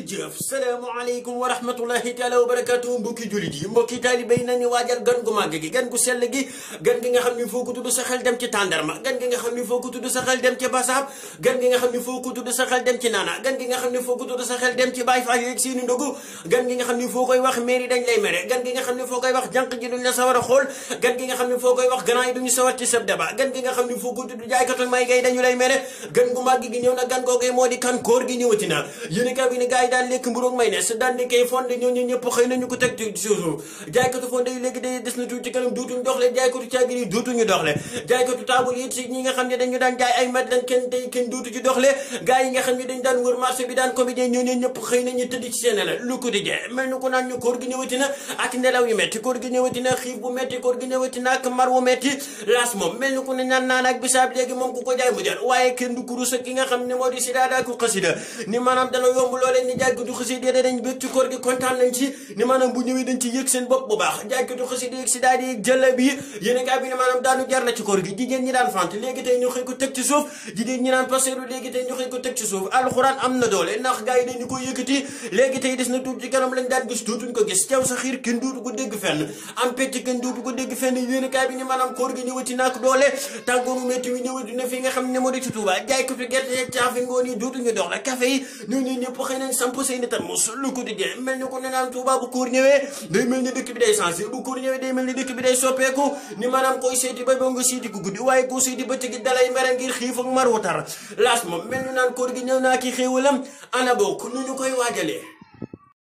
jërëjëf salaamaaleykum wa rahmatullahi taala wa barakatuh mbokki jullit yi mbokki taalibe yi nañu waajal gan gu màgg gi gan gu sell gi gan gi nga xam ni foo ko tudd sa xel dem ci tàndarma gan gi nga xam ni foo ko tudd sa xel dem ci basaab gan gi nga xam ni foo ko tudd sa xel dem ci naana gan gi nga xam ni foo ko tudd sa xel dem ci baay faal yeeg seeni ndogu gan gi nga xam ni foo koy wax mairie dañ lay mere gan gi nga xam ni foo koy wax jànq ji duñ la sawar a xool gan gi nga xam ni foo koy wax grand yi duñu sawar ci sab daba gan gi nga xam ni foo ko tudd jaaykatu may gay dañu lay mere gan gu màgg gi ñëw na gan googee moo di kan koor gi ñëwati na gars yi daan lekk mburu ak daan lekkee fonde ñooñu ñëpp xëy nañu ko ci suuf jaaykatu doxle jaaykatu caagir yi yi ci ñi daan jaay ay mat daan wër bi daan comédien ñooñu ñëpp xëy nañu tëdd ci seen ko di jee mel ni ko ak mar wu metti laas moom mel ni ko ne naan ak bisaab léegi moom ku ko jaay mu jar waaye kenn du kurus ki nga xam ne moo di si daadaku xasida ni maanaam dana yomb loole ñi jàngatu xasida yi dañ bëgg ci koor gi kontaan nañ ci ni maanaam bu ñëwee dañ ci yëg seen bopp bu baax jàngatu xasida yi si di jëlle ci daan fant léegi tey ñu xëy ko teg ci suuf jigéen ñi daan paseeru léegi daan gis tuutuñ ko gis teew sa xiir kenn duutu ko dégg fenn am pecc kenn duutu ko dégg fenn yéen kaay bi ne maanaam koor gi ñëwati naak doole tàngooru métti wi ñëwati na fi nga xam ne moo di ci Tuuba jaaykatu gerte yeeg caafi ngoon yi duutuñu dox ñu ñu ñëpp xëy samp say nitam mu sul quotidien mel ni ko ne naan Touba bu koor ñëwee day mel ni dëkk bi day changé bu koor ñëwee day mel ni dëkk bi day soppeeku ni maanaam koy seeti ba boo nga ku guddi waaye koo seeti ba tëggi dalay mere ngir xiif ak mar wu tar laas moom mel ni naan koor gi ñëw naa ki xéewalam ana bokk nu ñu koy waajalee